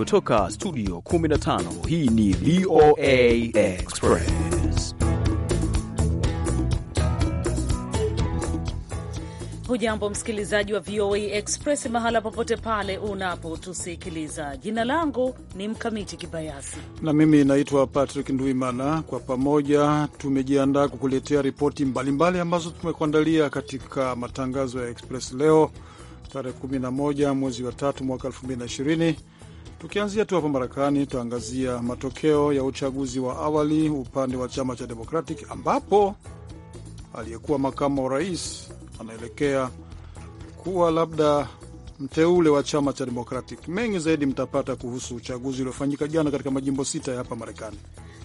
kutoka studio 15 hii ni VOA Express. Hujambo msikilizaji wa VOA Express mahala popote pale unapotusikiliza. Jina langu ni Mkamiti Kibayasi na mimi naitwa Patrick Nduimana. Kwa pamoja tumejiandaa kukuletea ripoti mbalimbali ambazo tumekuandalia katika matangazo ya Express leo tarehe 11 mwezi wa tatu mwaka 2020 Tukianzia tu hapa Marekani, tutaangazia matokeo ya uchaguzi wa awali upande wa chama cha Democratic ambapo aliyekuwa makamu wa rais anaelekea kuwa labda mteule wa chama cha Democratic. Mengi zaidi mtapata kuhusu uchaguzi uliofanyika jana katika majimbo sita ya hapa Marekani.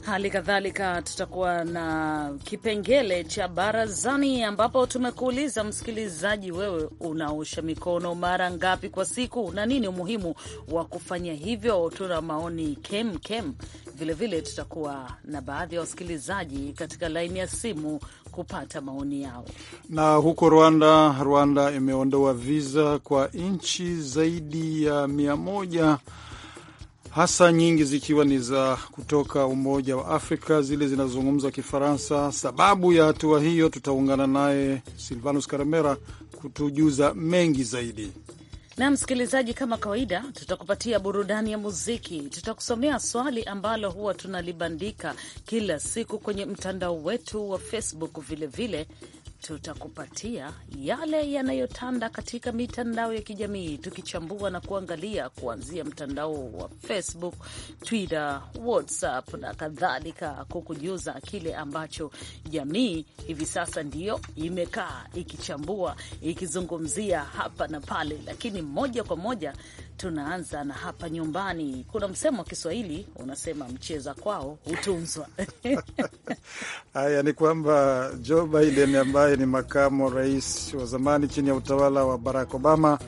Hali kadhalika tutakuwa na kipengele cha barazani, ambapo tumekuuliza msikilizaji, wewe unaosha mikono mara ngapi kwa siku na nini umuhimu wa kufanya hivyo? Tuna maoni kem kem. Vilevile tutakuwa na baadhi ya wa wasikilizaji katika laini ya simu kupata maoni yao. Na huko Rwanda, Rwanda imeondoa viza kwa nchi zaidi ya mia moja hasa nyingi zikiwa ni za kutoka Umoja wa Afrika, zile zinazozungumza Kifaransa. Sababu ya hatua hiyo, tutaungana naye Silvanus Karemera kutujuza mengi zaidi. Na msikilizaji, kama kawaida, tutakupatia burudani ya muziki, tutakusomea swali ambalo huwa tunalibandika kila siku kwenye mtandao wetu wa Facebook vilevile vile, tutakupatia yale yanayotanda katika mitandao ya kijamii, tukichambua na kuangalia kuanzia mtandao wa Facebook, Twitter, WhatsApp na kadhalika, kukujuza kile ambacho jamii hivi sasa ndiyo imekaa ikichambua, ikizungumzia hapa na pale, lakini moja kwa moja tunaanza na hapa nyumbani. Kuna msemo wa Kiswahili unasema mcheza kwao hutunzwa. Haya ni kwamba Joe Biden ambaye ambaye ni makamu rais wa zamani chini ya utawala wa Barack Obama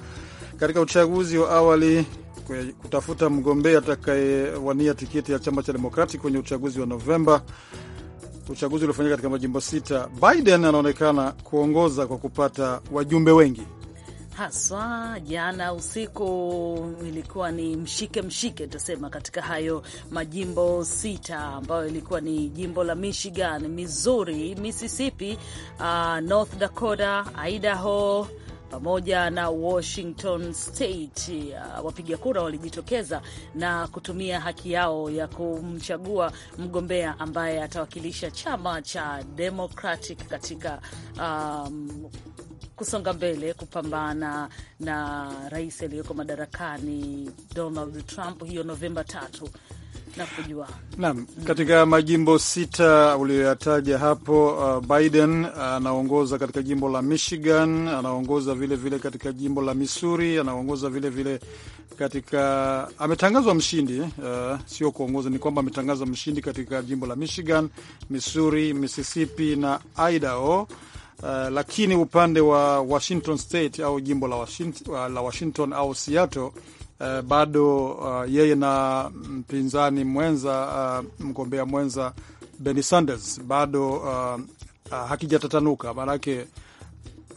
katika uchaguzi wa awali kutafuta mgombea atakayewania tiketi ya chama cha Demokrati kwenye uchaguzi wa Novemba, uchaguzi uliofanyika katika majimbo sita. Biden anaonekana kuongoza kwa kupata wajumbe wengi haswa jana usiku ilikuwa ni mshike mshike, tutasema katika hayo majimbo sita ambayo ilikuwa ni jimbo la Michigan, Missouri, Mississippi, uh, North Dakota, Idaho pamoja na Washington State. Uh, wapiga kura walijitokeza na kutumia haki yao ya kumchagua mgombea ambaye atawakilisha chama cha Democratic katika um, kusonga mbele kupambana na rais aliyoko madarakani Donald Trump hiyo Novemba tatu na kujua naam, mm. katika majimbo sita uliyoyataja hapo, uh, Biden anaongoza uh, katika jimbo la Michigan, anaongoza vilevile vile katika jimbo la Missouri, anaongoza vilevile katika, ametangazwa mshindi uh, sio kuongoza, ni kwamba ametangazwa mshindi katika jimbo la Michigan, Missouri, Mississippi na Idaho. Uh, lakini upande wa Washington State au jimbo la Washington, uh, la Washington au Seattle uh, bado uh, yeye na mpinzani mwenza uh, mgombea mwenza Bernie Sanders bado uh, uh, hakijatatanuka, maanake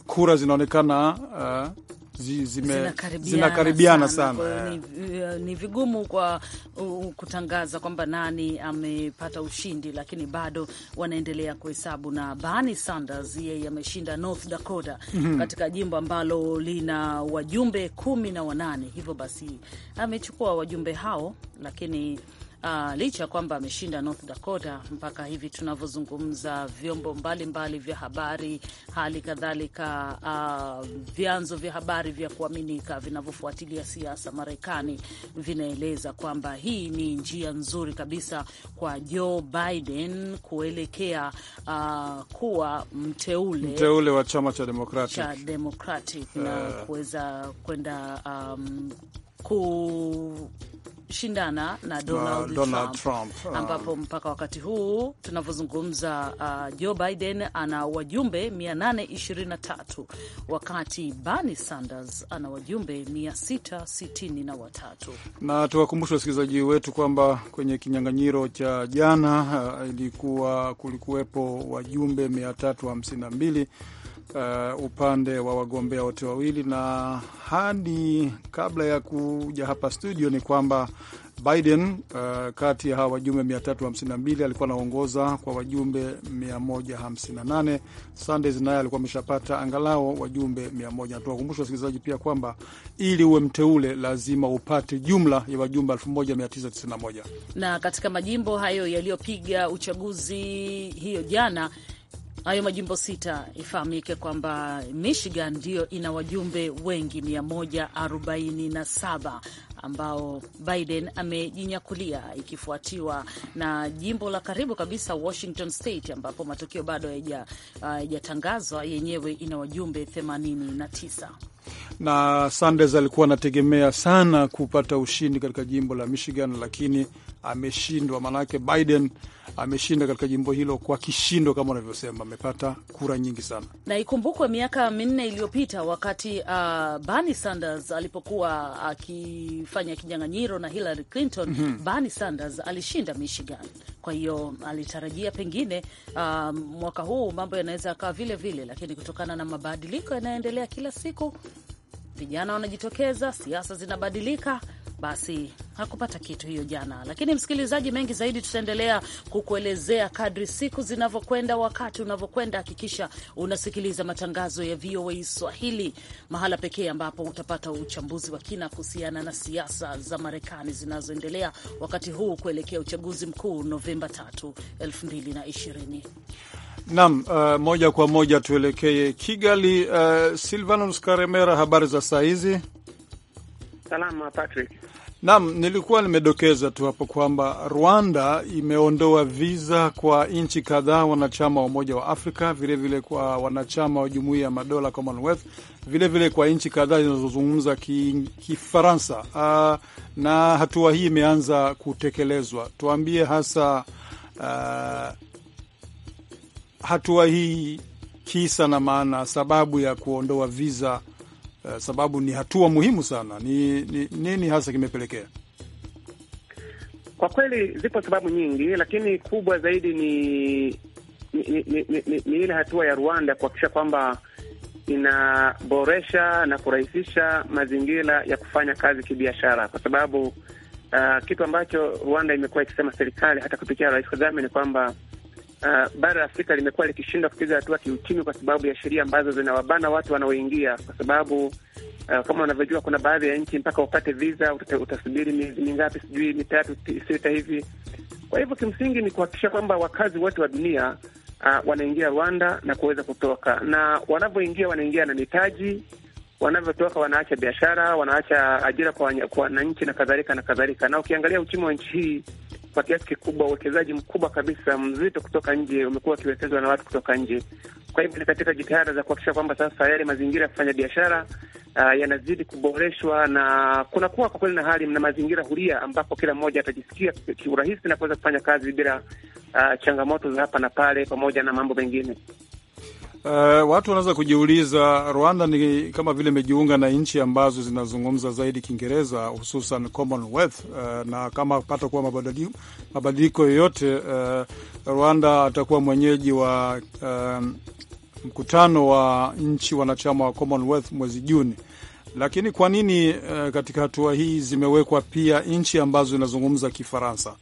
kura zinaonekana uh, zi, zinakaribiana, zinakaribiana sana, sana. Ni, eh, ni vigumu kwa uh, kutangaza kwamba nani amepata ushindi, lakini bado wanaendelea kuhesabu, na Bernie Sanders yeye ameshinda North Dakota mm -hmm. katika jimbo ambalo lina wajumbe kumi na wanane, hivyo basi amechukua wajumbe hao, lakini uh, licha ya kwamba ameshinda North Dakota. Mpaka hivi tunavyozungumza, vyombo mbalimbali vya habari, hali kadhalika uh, vyanzo vya habari vya kuaminika vinavyofuatilia siasa Marekani vinaeleza kwamba hii ni njia nzuri kabisa kwa Joe Biden kuelekea uh, kuwa mteule, mteule wa chama cha Democratic, cha Democratic na eh. kuweza kwenda um, ku shindana na Donald, uh, Donald Trump, Trump, ambapo mpaka wakati huu tunavyozungumza uh, Joe Biden ana wajumbe 823 wakati Bernie Sanders ana wajumbe 663. Na tuwakumbushe wasikilizaji wetu kwamba kwenye kinyang'anyiro cha jana uh, ilikuwa kulikuwepo wajumbe 352 uh, upande wa wagombea wote wawili, na hadi kabla ya kuja hapa studio ni kwamba Biden uh, kati ya hawa wajumbe 352 alikuwa anaongoza kwa wajumbe 158. Sanders naye alikuwa ameshapata angalau wajumbe 100. Tuwakumbusha wasikilizaji pia kwamba ili uwe mteule lazima upate jumla ya wajumbe 1991. Na katika majimbo hayo yaliyopiga uchaguzi hiyo jana hayo majimbo sita, ifahamike kwamba Michigan ndiyo ina wajumbe wengi 147 ambao Biden amejinyakulia, ikifuatiwa na jimbo la karibu kabisa Washington State, ambapo matokeo bado haijatangazwa, uh, yenyewe ina wajumbe 89 na Sanders alikuwa anategemea sana kupata ushindi katika jimbo la Michigan, lakini ameshindwa, maanake Biden ameshinda katika jimbo hilo kwa kishindo kama unavyosema, amepata kura nyingi sana, na ikumbukwe miaka minne iliyopita wakati uh, Bernie Sanders alipokuwa akifanya uh, kinyang'anyiro na Hillary Clinton mm -hmm. Bernie Sanders alishinda Michigan, kwa hiyo alitarajia pengine uh, mwaka huu mambo yanaweza yakawa vile vile, lakini kutokana na mabadiliko yanayoendelea kila siku, vijana wanajitokeza, siasa zinabadilika basi hakupata kitu hiyo jana. Lakini msikilizaji, mengi zaidi tutaendelea kukuelezea kadri siku zinavyokwenda, wakati unavyokwenda. Hakikisha unasikiliza matangazo ya VOA Swahili, mahala pekee ambapo utapata uchambuzi wa kina kuhusiana na siasa za Marekani zinazoendelea wakati huu kuelekea uchaguzi mkuu Novemba 3, 2020. Nam uh, moja kwa moja tuelekee Kigali. Uh, Silvanus Karemera, habari za saa hizi? Salama Patrick. Naam, nilikuwa nimedokeza tu hapo kwamba Rwanda imeondoa viza kwa nchi kadhaa wanachama wa Umoja wa Afrika, vilevile vile kwa wanachama wa Jumuiya ya Madola Commonwealth, vilevile vile kwa nchi kadhaa zinazozungumza Kifaransa ki uh, ah, na hatua hii imeanza kutekelezwa. Tuambie hasa uh, hatua hii, kisa na maana, sababu ya kuondoa viza Eh, sababu ni hatua muhimu sana. Ni, ni nini hasa kimepelekea? Kwa kweli zipo sababu nyingi, lakini kubwa zaidi ni, ni, ni, ni, ni, ni ile hatua ya Rwanda kuhakikisha kwamba inaboresha na kurahisisha mazingira ya kufanya kazi kibiashara, kwa sababu uh, kitu ambacho Rwanda imekuwa ikisema serikali hata kupitia Rais Kagame ni kwamba uh, bara la Afrika limekuwa likishindwa kupiga hatua kiuchumi kwa sababu ya sheria ambazo zinawabana watu wanaoingia, kwa sababu uh, kama unavyojua kuna baadhi ya nchi mpaka upate visa utasubiri miezi mingapi, sijui mitatu sita hivi. Kwa hivyo kimsingi ni kuhakikisha kwamba wakazi wote wa dunia uh, wanaingia Rwanda na kuweza kutoka, na wanavyoingia wanaingia na mitaji wanavyotoka wanaacha biashara, wanaacha ajira kwa wananchi na kadhalika na kadhalika. Na ukiangalia uchumi wa nchi hii kwa kiasi kikubwa uwekezaji mkubwa kabisa mzito kutoka nje umekuwa ukiwekezwa na watu kutoka nje. Kwa hivyo ni katika jitihada za kuhakikisha kwamba sasa yale mazingira ya kufanya biashara uh, yanazidi kuboreshwa na kunakuwa kwa kweli na hali na mazingira huria ambapo kila mmoja atajisikia kiurahisi na kuweza kufanya kazi bila uh, changamoto za hapa na pale pamoja na mambo mengine. Uh, watu wanaweza kujiuliza Rwanda ni kama vile imejiunga na nchi ambazo zinazungumza zaidi Kiingereza hususan Commonwealth. Uh, na kama kuwa mabadiliko yoyote, uh, Rwanda atakuwa mwenyeji wa uh, mkutano wa nchi wanachama wa Commonwealth mwezi Juni. Lakini kwa nini uh, katika hatua hii zimewekwa pia nchi ambazo zinazungumza Kifaransa?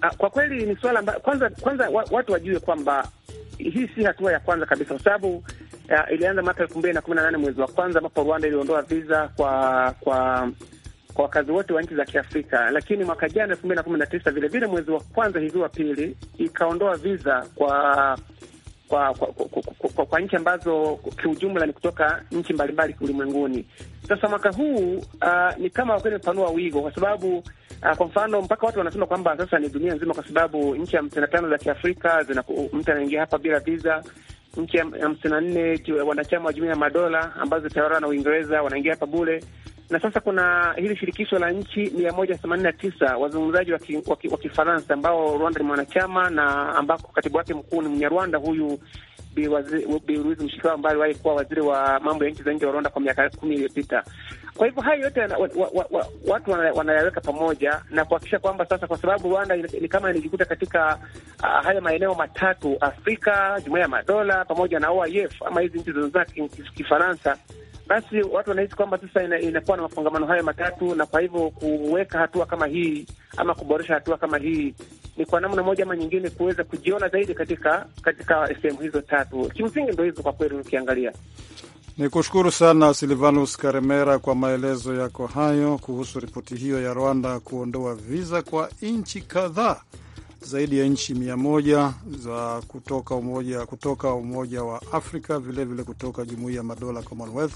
Ah, kwa kweli ni swala kwanza, kwanza watu wajue kwamba hii si hatua ya kwanza kabisa, kwa sababu uh, ilianza mwaka elfu mbili na kumi na nane mwezi wa kwanza ambapo Rwanda iliondoa viza kwa kwa kwa wakazi wote wa nchi za Kiafrika. Lakini mwaka jana elfu mbili na kumi na tisa vilevile mwezi wa kwanza hivi wa pili ikaondoa viza kwa kwa kwa, kwa, kwa, kwa, kwa nchi ambazo kiujumla ni kutoka nchi mbalimbali ulimwenguni. Sasa mwaka huu uh, ni kama wakweli mepanua wigo kwa sababu uh, kwa mfano mpaka watu wanasema kwamba sasa ni dunia nzima, kwa sababu nchi hamsini na tano za Kiafrika mtu anaingia hapa bila visa, nchi hamsini na nne wanachama wa jumuiya ya madola ambazo zitawala na Uingereza wanaingia hapa bule na sasa kuna hili shirikisho la nchi mia moja themanini na tisa wazungumzaji wa Kifaransa ambao Rwanda ni mwanachama na ambako katibu wake mkuu ni Mnyarwanda huyu Bi Louise Mushikiwabo ambaye aliwahi kuwa waziri wa mambo ya nchi za nje wa Rwanda kwa miaka kumi iliyopita. Kwa hivyo hayo yote wa, wa, wa, watu wanayaweka pamoja na kuhakikisha kwamba sasa, kwa sababu Rwanda ni kama ilijikuta katika uh, haya maeneo matatu Afrika, Jumuiya ya Madola pamoja na OIF e ama hizi nchi zinazoa Kifaransa ki, ki basi watu wanahisi kwamba sasa inakuwa na mafungamano hayo matatu, na kwa hivyo kuweka hatua kama hii ama kuboresha hatua kama hii ni kwa namna moja ama nyingine kuweza kujiona zaidi katika katika sehemu hizo tatu. Kimsingi ndo hizo kwa kweli, ukiangalia. Ni kushukuru sana Silvanus Karemera kwa maelezo yako hayo kuhusu ripoti hiyo ya Rwanda kuondoa viza kwa nchi kadhaa zaidi ya nchi mia moja za kutoka umoja, kutoka Umoja wa Afrika vilevile vile kutoka Jumuiya ya Madola Commonwealth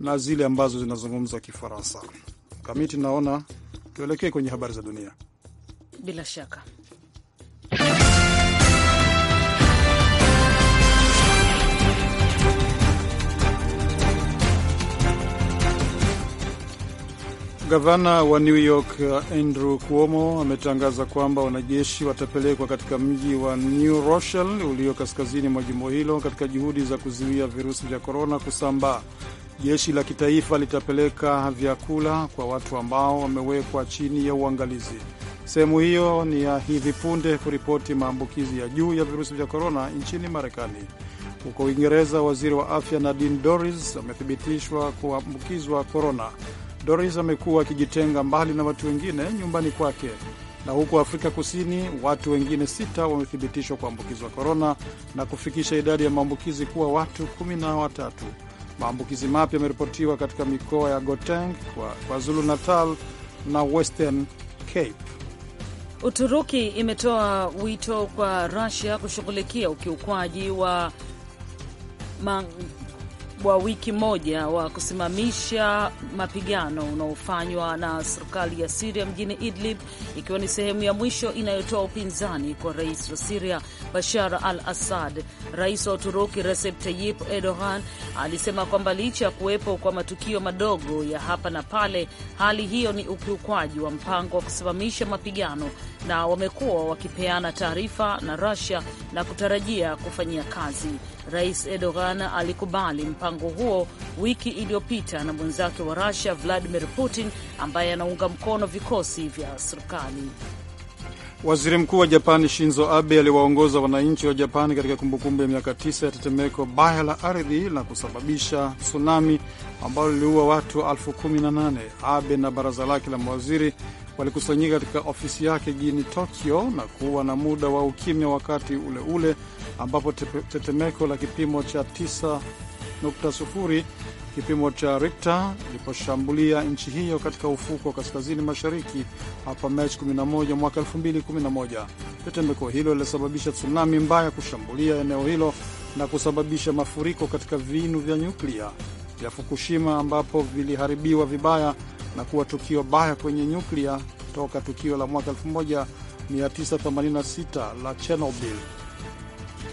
na zile ambazo zinazungumza Kifaransa. Kamiti, naona tuelekee kwenye habari za dunia. Bila shaka Gavana wa New York uh, Andrew Cuomo ametangaza kwamba wanajeshi watapelekwa katika mji wa New Rochelle ulio kaskazini mwa jimbo hilo katika juhudi za kuzuia virusi vya korona kusambaa. Jeshi la kitaifa litapeleka vyakula kwa watu ambao wamewekwa chini ya uangalizi. Sehemu hiyo ni ya hivi punde kuripoti maambukizi ya juu ya virusi vya korona nchini Marekani. Huko Uingereza, waziri wa afya Nadine Dorries amethibitishwa kuambukizwa korona. Doris amekuwa akijitenga mbali na watu wengine nyumbani kwake. Na huko Afrika Kusini, watu wengine sita wamethibitishwa kuambukizwa korona na kufikisha idadi ya maambukizi kuwa watu kumi na watatu. Maambukizi mapya yameripotiwa katika mikoa ya Gauteng, KwaZulu Natal na Western Cape. Uturuki imetoa wito kwa Russia kushughulikia ukiukwaji wa wa wiki moja wa kusimamisha mapigano unaofanywa na serikali ya Siria mjini Idlib, ikiwa ni sehemu ya mwisho inayotoa upinzani kwa rais wa Siria Bashar al Assad. Rais wa Uturuki Recep Tayyip Erdogan alisema kwamba licha ya kuwepo kwa matukio madogo ya hapa na pale, hali hiyo ni ukiukwaji wa mpango wa kusimamisha mapigano, na wamekuwa wakipeana taarifa na rasia na kutarajia kufanyia kazi Rais Erdogan alikubali mpango huo wiki iliyopita na mwenzake wa Rusia Vladimir Putin ambaye anaunga mkono vikosi vya serikali. Waziri Mkuu wa Japani Shinzo Abe aliwaongoza wananchi wa Japani katika kumbukumbu ya miaka tisa ya tetemeko baya la ardhi na kusababisha tsunami ambalo liliua watu elfu kumi na nane. Abe na baraza lake la mawaziri walikusanyika katika ofisi yake jijini Tokyo na kuwa na muda wa ukimya wakati ule ule ambapo tetemeko la kipimo cha 9.0 kipimo cha Richter liposhambulia nchi hiyo katika ufuko wa kaskazini mashariki hapa Machi 11 mwaka 2011. Tetemeko hilo lilisababisha tsunami mbaya kushambulia eneo hilo na kusababisha mafuriko katika vinu vya nyuklia vya Fukushima ambapo viliharibiwa vibaya na kuwa tukio baya kwenye nyuklia toka tukio la mwaka 1986 la Chernobyl.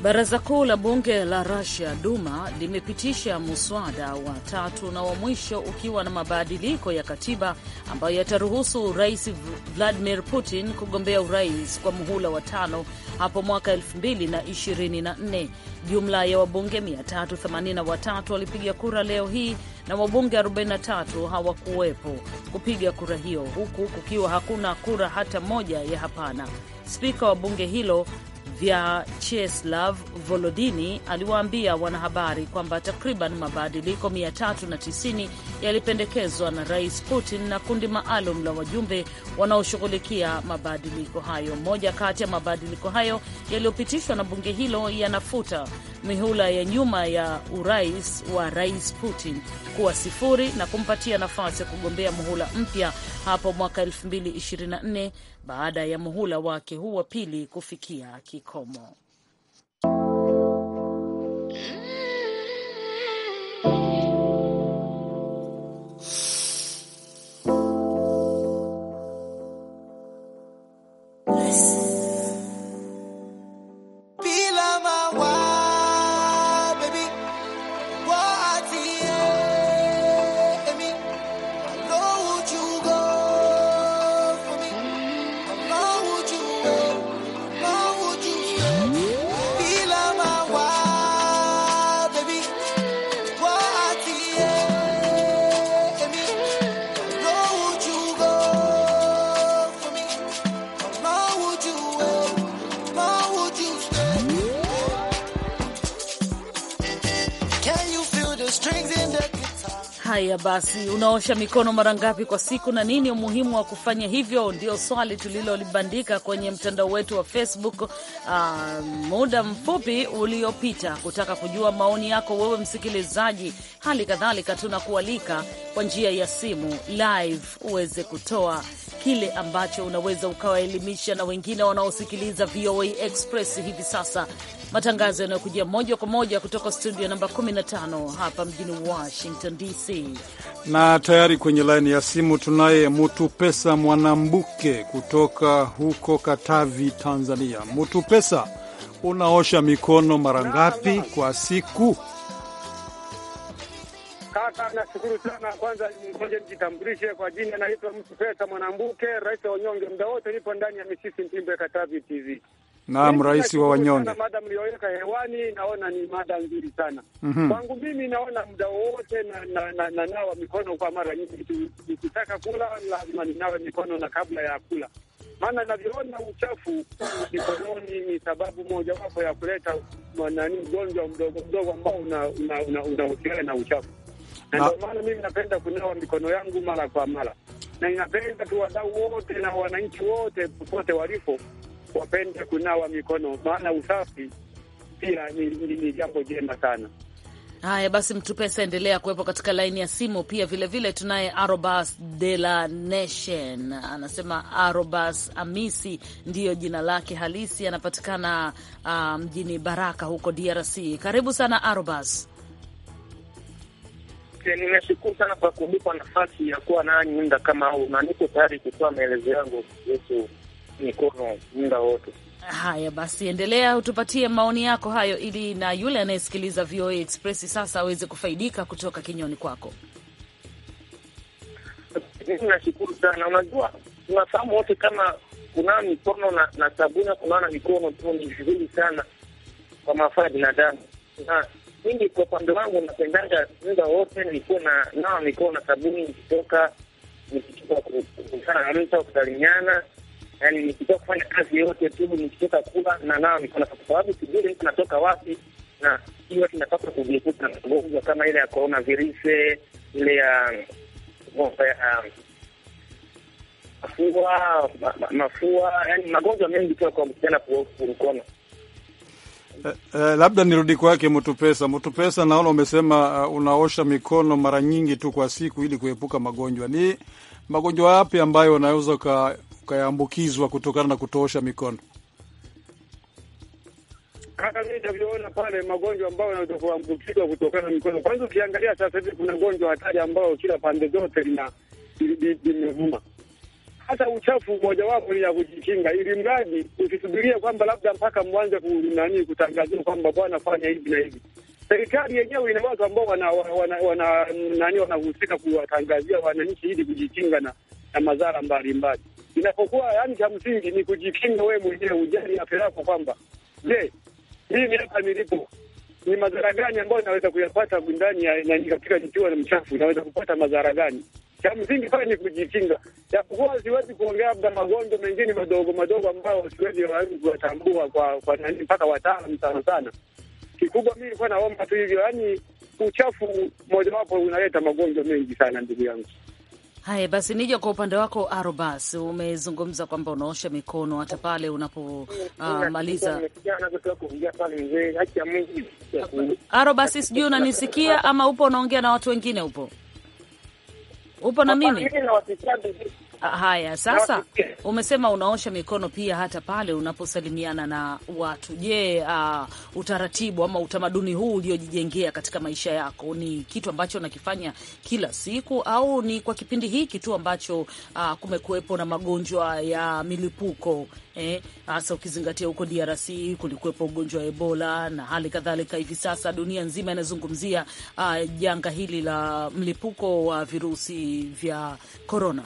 Baraza kuu la bunge la rusia Duma limepitisha muswada wa tatu na wa mwisho ukiwa na mabadiliko ya katiba ambayo yataruhusu Rais Vladimir Putin kugombea urais kwa muhula wa tano hapo mwaka 2024. Jumla ya wabunge 383 walipiga kura leo hii na wabunge 43 hawakuwepo kupiga kura hiyo, huku kukiwa hakuna kura hata moja ya hapana. Spika wa bunge hilo Vyacheslav Volodini aliwaambia wanahabari kwamba takriban mabadiliko 390 yalipendekezwa na Rais Putin na kundi maalum la wajumbe wanaoshughulikia mabadiliko hayo. Moja kati ya mabadiliko hayo yaliyopitishwa na bunge hilo yanafuta mihula ya nyuma ya urais wa Rais Putin kuwa sifuri na kumpatia nafasi ya kugombea muhula mpya hapo mwaka 2024 baada ya muhula wake huu wa pili kufikia kikomo. Basi unaosha mikono mara ngapi kwa siku na nini umuhimu wa kufanya hivyo? Ndio swali tulilolibandika kwenye mtandao wetu wa Facebook uh, muda mfupi uliopita, kutaka kujua maoni yako wewe msikilizaji. Hali kadhalika tunakualika kwa njia ya simu live uweze kutoa kile ambacho unaweza ukawaelimisha na wengine wanaosikiliza VOA Express hivi sasa, matangazo yanayokujia moja kwa moja kutoka studio namba 15 hapa mjini Washington DC. Na tayari kwenye laini ya simu tunaye Mutupesa Mwanambuke kutoka huko Katavi, Tanzania. Mutupesa, unaosha mikono mara ngapi kwa siku? Kaka, nashukuru sana. Kwanza ngoja nijitambulishe kwa jina, naitwa mtu pesa Mwanambuke, rais wa wanyonge, muda wote nipo ndani ya misisi Mpimbe, ya Katavi TV. Naam, yaani rais wa wanyonge. Mada mlioweka hewani naona ni mada nzuri sana mhm. kwangu. mm -hmm. Mimi naona muda wowote na, na, na, na nawa mikono kwa mara nyingi. Nikitaka kula lazima ninawe mikono na kabla ya kula, maana navyoona uchafu mikononi ni sababu mojawapo ya kuleta nani ugonjwa mdogo mdogo ambao unahusiana una, una, una na uchafu na ah. ndio maana mimi napenda kunawa mikono yangu mara kwa mara, na inapenda tu wadau wote na wananchi wote popote walipo wapende kunawa mikono, maana usafi pia ni jambo jema sana. Haya basi, Mtupesa endelea kuwepo katika laini ya simu. Pia vilevile tunaye Arobas de la Nation, anasema Arobas Amisi ndiyo jina lake halisi, anapatikana ah, mjini um, Baraka huko DRC. Karibu sana Arobas. Asante, nimeshukuru sana kwa kunipa nafasi ya kuwa nanyi muda kama huu, na niko tayari kutoa maelezo yangu kuhusu mikono muda wote. Haya basi, endelea utupatie maoni yako hayo, ili na yule anayesikiliza VOA Express sasa aweze kufaidika kutoka kinywani kwako. Nashukuru sana. Unajua, tunafahamu wote kama kunawa mikono na, na sabuni kunawa na mikono tu ni vizuri sana kwa mafaa ya binadamu na mimi kwa upande wangu napendaga muda wote nilikuwa na nawa mikono na sabuni nikitoka nikitoka kukutana na mtu au kusalimiana, yani nikitoka kufanya kazi yote tu, nikitoka kula na nawa mikono, kwa sababu sijui mtu natoka wapi, na hiyo tunapaswa kujiepuka na magonjwa kama ile ya korona virusi, ile ya mafua, yani magonjwa mengi tu kwa msichana mkono. Uh, uh, labda nirudi kwake Mutupesa. Mutupesa, naona umesema uh, unaosha mikono mara nyingi tu kwa siku ili kuepuka magonjwa. Ni magonjwa yapi ambayo unaweza ukayaambukizwa kutokana na kutoosha mikono? Hata mimi navyoona pale magonjwa ambayo yanaweza kuambukizwa kutokana na mikono. Kwanza ukiangalia sasa hivi kuna gonjwa hatari ambayo kila pande zote lina limevuma hata uchafu mojawapo ni ya kujikinga, ili mradi usisubirie kwamba labda mpaka mwanze kunani kutangazia kwamba bwana, fanya hivi na hivi. Serikali yenyewe ina watu ambao wanahusika wana, wana, wana, kuwatangazia wananchi ili kujikinga na, na madhara mbalimbali inapokuwa, yani cha msingi ni kujikinga wewe mwenyewe, ujali afya yako kwamba je, mimi hapa nilipo ni madhara gani ambayo naweza kuyapata ndani ya katika nikiwa na mchafu, naweza kupata madhara gani? cha msingi pale ni kujikinga, japokuwa siwezi kuongea labda magonjwa mengine madogo madogo ambayo siwezi wawezi kuwatambua kwa kwa nani mpaka wataalam sana sana. Kikubwa mi ilikuwa naomba tu hivyo, yaani uchafu mojawapo unaleta magonjwa mengi sana, ndugu yangu. Haya basi, nija kwa upande wako Arobas, umezungumza kwamba unaosha mikono hata pale unapomaliza. Ah, Arobas, sijui unanisikia ama upo unaongea na watu wengine upo upo na mimi Ah, haya, sasa umesema unaosha mikono pia hata pale unaposalimiana na watu. Je, uh, utaratibu ama utamaduni huu uliojijengea katika maisha yako ni kitu ambacho unakifanya kila siku au ni kwa kipindi hiki tu ambacho uh, kumekuwepo na magonjwa ya milipuko eh? hasa eh, ukizingatia huko DRC kulikuwepo ugonjwa wa Ebola na hali kadhalika. Hivi sasa dunia nzima inazungumzia uh, janga hili la mlipuko wa virusi vya korona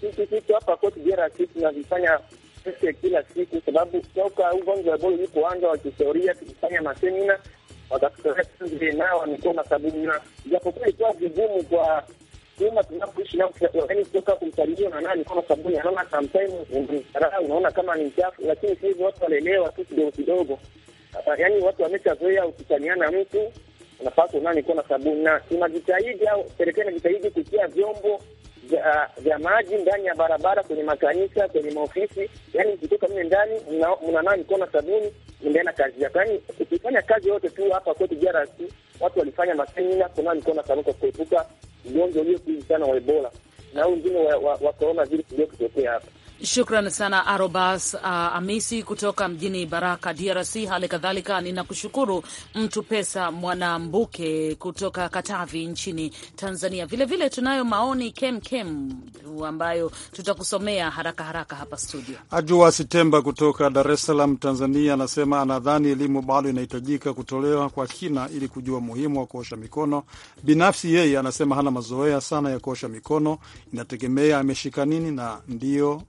hiki kitu hapa kwetu DRC tunavifanya kila siku, sababu toka ugonjwa wa Ebola ulipoanza wa kihistoria tulifanya masemina, wakatutolea nao wamekuwa masabuna, japokuwa ilikuwa vigumu kwa uma tunapoishi nao, yaani kutoka kumsalimia na nani kama sabuni, anaona sometimes unamsarau, unaona kama ni mchafu, lakini sasa watu walielewa tu kidogo kidogo, yaani watu wameshazoea ukitaniana mtu unapaswa unani kuwa na sabuni, na tunajitahidi au serikali inajitahidi kutia vyombo vya, maji ndani ya barabara, kwenye makanisa, kwenye maofisi. Yani mkitoka mle ndani mnanaa mikono sabuni, mnaenda kazi yako. Yani ukifanya kazi yote tu hapa kwetu DRC, watu walifanya masemina kunawa mikono sabuni kwa kuepuka ugonjwa uliokuizi sana wa Ebola na huu ngine wa, wa, wa corona hapa Shukran sana Arobas uh, Amisi kutoka mjini Baraka, DRC. Hali kadhalika ninakushukuru mtu pesa Mwanambuke kutoka Katavi nchini Tanzania. Vilevile vile tunayo maoni kemkem kem, ambayo tutakusomea haraka haraka hapa studio. Ajua Sitemba kutoka Dar es Salaam, Tanzania, anasema anadhani elimu bado inahitajika kutolewa kwa kina ili kujua umuhimu wa kuosha mikono. Binafsi yeye anasema hana mazoea sana ya kuosha mikono, inategemea ameshika nini na ndio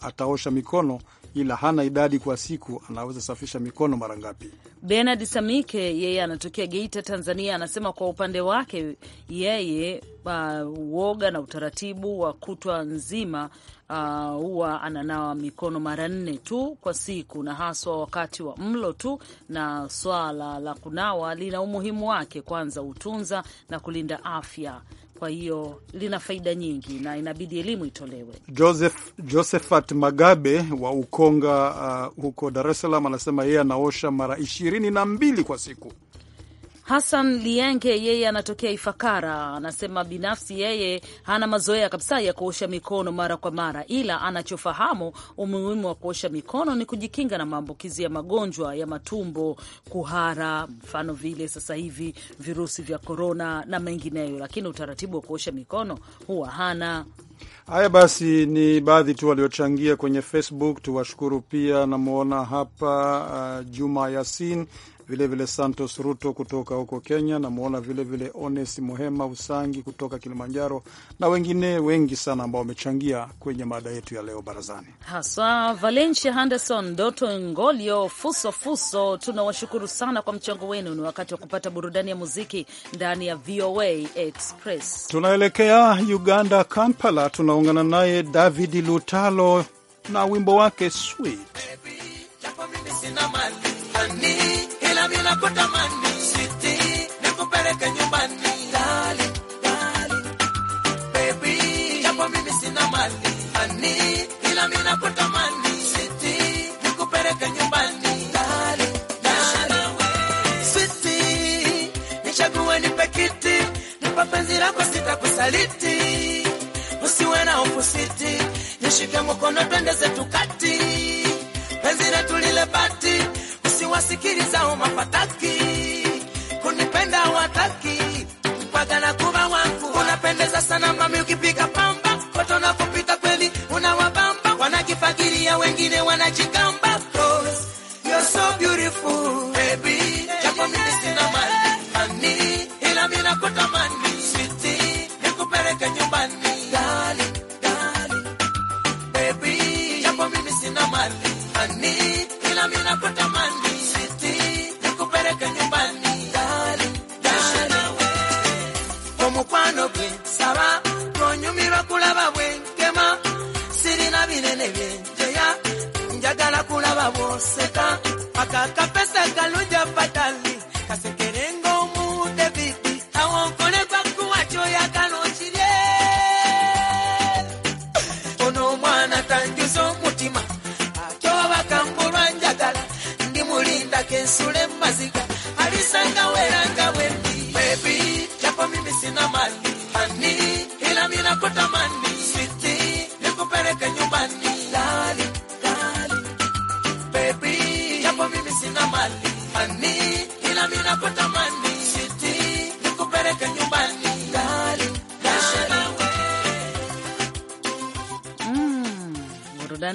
ataosha mikono, ila hana idadi kwa siku anaweza safisha mikono mara ngapi. Benard Samike yeye anatokea Geita, Tanzania, anasema kwa upande wake yeye uh, uoga uh, na utaratibu wa kutwa nzima uh, huwa uh, ananawa mikono mara nne tu kwa siku, na haswa wakati wa mlo tu. Na swala la kunawa lina umuhimu wake, kwanza hutunza na kulinda afya kwa hiyo lina faida nyingi na inabidi elimu itolewe. Joseph, Josephat Magabe wa Ukonga uh, huko Dar es Salaam anasema yeye anaosha mara ishirini na mbili kwa siku. Hassan Lienge yeye anatokea Ifakara, anasema binafsi yeye hana mazoea kabisa ya kuosha mikono mara kwa mara, ila anachofahamu umuhimu wa kuosha mikono ni kujikinga na maambukizi ya magonjwa ya matumbo, kuhara, mfano vile sasa hivi virusi vya korona na mengineyo, lakini utaratibu wa kuosha mikono huwa hana. Haya basi, ni baadhi tu waliochangia kwenye Facebook. Tuwashukuru pia, namwona hapa uh, Juma Yasin vilevile vile Santos Ruto kutoka huko Kenya, namwona vilevile Ones Mohema Usangi kutoka Kilimanjaro na wengine wengi sana ambao wamechangia kwenye mada yetu ya leo barazani, haswa Valencia Henderson, Doto Ngolio, Fuso Fuso. Tunawashukuru sana kwa mchango wenu. Ni wakati wa kupata burudani ya muziki ndani ya VOA Express. Tunaelekea Uganda, Kampala, tunaungana naye David Lutalo na wimbo wake Sweet. Baby, Usiwe na hofu, siti nishike mkono, twende zetu. posso te dar uma patada omukwano gwe saba tonyumirwa kulaba bwe nkema sirina binene byenjeya njagala kulaba bwoseka akakapesa kalunja pa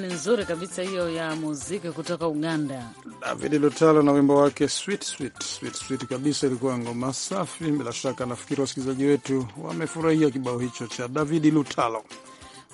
ni nzuri kabisa hiyo ya muziki kutoka Uganda, David Lutalo na wimbo wake sweet, sweet, sweet, sweet kabisa. Ilikuwa ngoma safi, bila shaka nafikiri wasikilizaji wetu wamefurahia kibao hicho cha David Lutalo.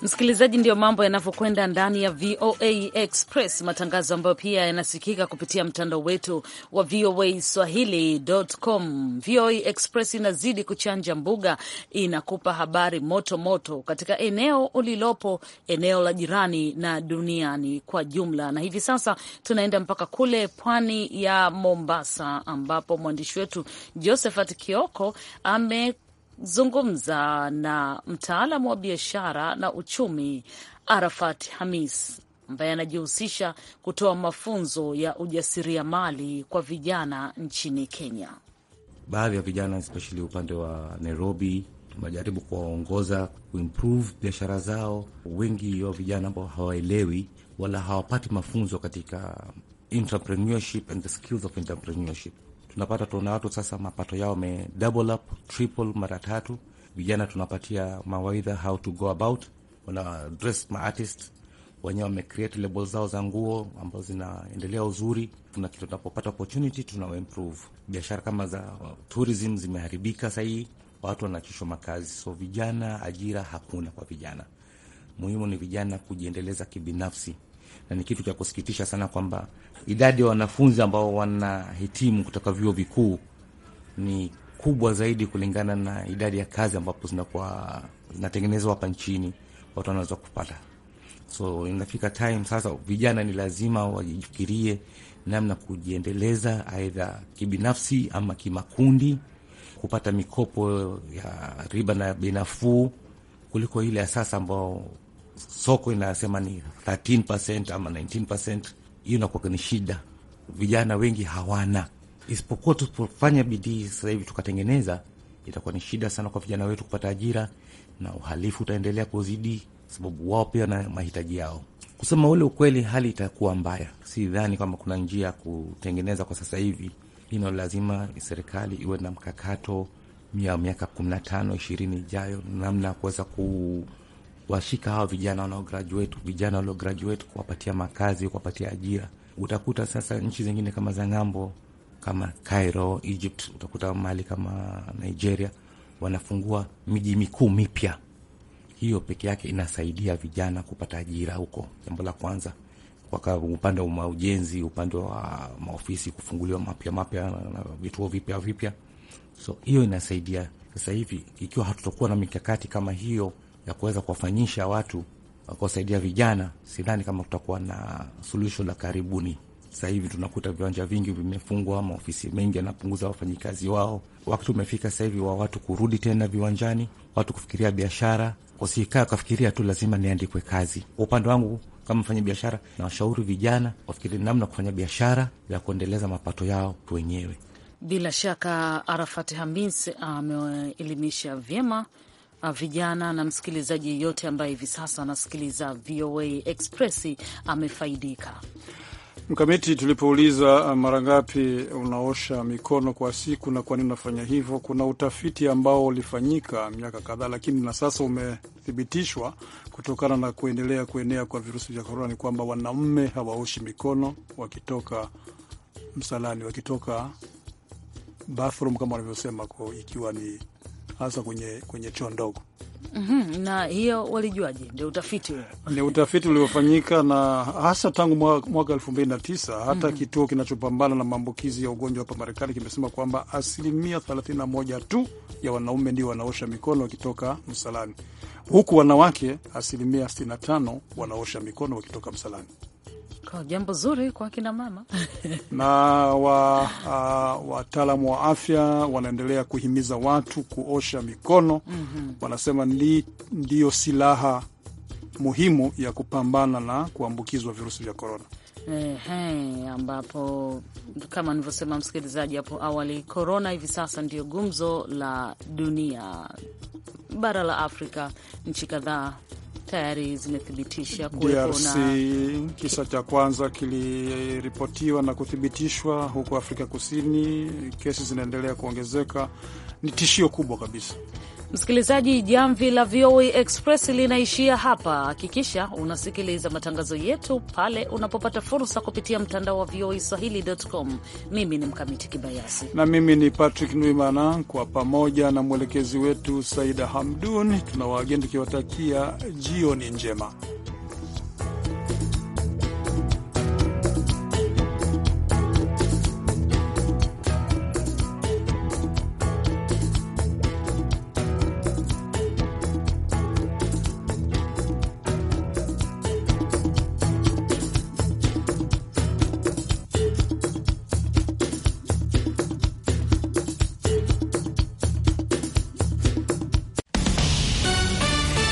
Msikilizaji, ndiyo mambo yanavyokwenda ndani ya VOA Express, matangazo ambayo pia yanasikika kupitia mtandao wetu wa VOA Swahili.com. VOA Express inazidi kuchanja mbuga, inakupa habari moto moto katika eneo ulilopo, eneo la jirani na duniani kwa jumla. Na hivi sasa tunaenda mpaka kule pwani ya Mombasa, ambapo mwandishi wetu Josephat Kioko ame zungumza na mtaalamu wa biashara na uchumi Arafat Hamis ambaye anajihusisha kutoa mafunzo ya ujasiriamali kwa vijana nchini Kenya. Baadhi ya vijana especially upande wa Nairobi tumejaribu kuwaongoza kuimprove biashara zao. Wengi wa vijana ambao hawaelewi wala hawapati mafunzo katika entrepreneurship and the skills of entrepreneurship tunapata tuna watu sasa mapato yao me double up triple mara tatu. Vijana tunapatia mawaidha how to go about, wana dress ma artist wenyewe wame create label zao za nguo ambazo zinaendelea uzuri. Tuna kitu tunapopata opportunity tuna improve biashara kama za uh, tourism zimeharibika sasa sahii, watu wanaachishwa makazi, so vijana, ajira hakuna kwa vijana. Muhimu ni vijana kujiendeleza kibinafsi na ni kitu cha kusikitisha sana kwamba idadi ya wanafunzi ambao wanahitimu kutoka vyuo vikuu ni kubwa zaidi kulingana na idadi ya kazi ambapo zinakuwa zinatengenezwa hapa nchini watu wanaweza kupata. So inafika time sasa, vijana ni lazima wajifikirie namna kujiendeleza, aidha kibinafsi ama kimakundi, kupata mikopo ya riba na binafuu kuliko ile ya sasa ambao soko inasema ni 13% ama 19%. Hiyo inakuwa ni shida, vijana wengi hawana, isipokuwa tupofanya bidii sasa hivi tukatengeneza, itakuwa ni shida sana kwa vijana wetu kupata ajira, na uhalifu utaendelea kuzidi, sababu wao pia na mahitaji yao. Kusema ule ukweli, hali itakuwa mbaya. Sidhani kwamba kuna njia ya kutengeneza kwa sasa hivi. Ino lazima serikali iwe na mkakato mia miaka 15 20 ijayo, namna ya kuweza ku kuwashika hawa vijana wanaograduate, vijana waliograduate, kuwapatia makazi, kuwapatia ajira. Utakuta sasa nchi zingine kama za ng'ambo kama Cairo, Egypt, utakuta mahali kama Nigeria wanafungua miji mikuu mipya. Hiyo peke yake inasaidia vijana kupata ajira huko, jambo la kwanza. Kwa upande wa ujenzi, upande wa maofisi kufunguliwa mapya mapya na vituo vipya vipya, so hiyo inasaidia. Sasa hivi ikiwa hatutakuwa na mikakati kama hiyo ya kuweza kuwafanyisha watu kuwasaidia vijana, sidhani kama kutakuwa na suluhisho la karibuni. Sasa hivi tunakuta viwanja vingi vimefungwa, maofisi mengi yanapunguza wafanyikazi wao. Wakati umefika sasa hivi wa watu kurudi tena viwanjani, watu kufikiria biashara, usikaa kafikiria tu lazima niandikwe kazi. Kwa upande wangu kama mfanya biashara, na washauri vijana wafikiri namna kufanya biashara ya kuendeleza mapato yao wenyewe. Bila shaka Arafat Hamis ameelimisha vyema Ah, vijana na msikilizaji yeyote ambaye hivi sasa anasikiliza VOA Express amefaidika. Mkamiti, tulipouliza ah, mara ngapi unaosha mikono kwa siku na kwa nini unafanya hivyo, kuna utafiti ambao ulifanyika miaka kadhaa, lakini na sasa umethibitishwa kutokana na kuendelea kuenea kwa virusi vya korona, ni kwamba wanaume hawaoshi mikono wakitoka msalani, wakitoka bathroom kama wanavyosema, ikiwa ni hasa kwenye, kwenye choo ndogo. Mm -hmm. Na hiyo walijuaje? Ndio utafiti ni utafiti uliofanyika na hasa tangu mwaka elfu mbili na tisa hata mm -hmm. kituo kinachopambana na maambukizi ya ugonjwa hapa Marekani kimesema kwamba asilimia 31 tu ya wanaume ndio wanaosha mikono wakitoka msalani, huku wanawake asilimia 65 wanaosha mikono wakitoka msalani. Kwa jambo zuri kwa kina mama na wa, uh, wataalamu wa afya wanaendelea kuhimiza watu kuosha mikono mm -hmm. Wanasema ni, ndiyo silaha muhimu ya kupambana na kuambukizwa virusi vya korona. Hey, hey, ambapo kama nilivyosema msikilizaji hapo awali, korona hivi sasa ndio gumzo la dunia, bara la Afrika, nchi kadhaa tayari zimethibitisha DRC. Kisa cha kwanza kiliripotiwa na kuthibitishwa huko Afrika Kusini, kesi zinaendelea kuongezeka, ni tishio kubwa kabisa. Msikilizaji, jamvi la VOA Express linaishia hapa. Hakikisha unasikiliza matangazo yetu pale unapopata fursa kupitia mtandao wa VOA Swahili.com. Mimi ni Mkamiti Kibayasi na mimi ni Patrick Nwimana, kwa pamoja na mwelekezi wetu Saida Hamdun, tuna kiwatakia tukiwatakia 机油连接吗？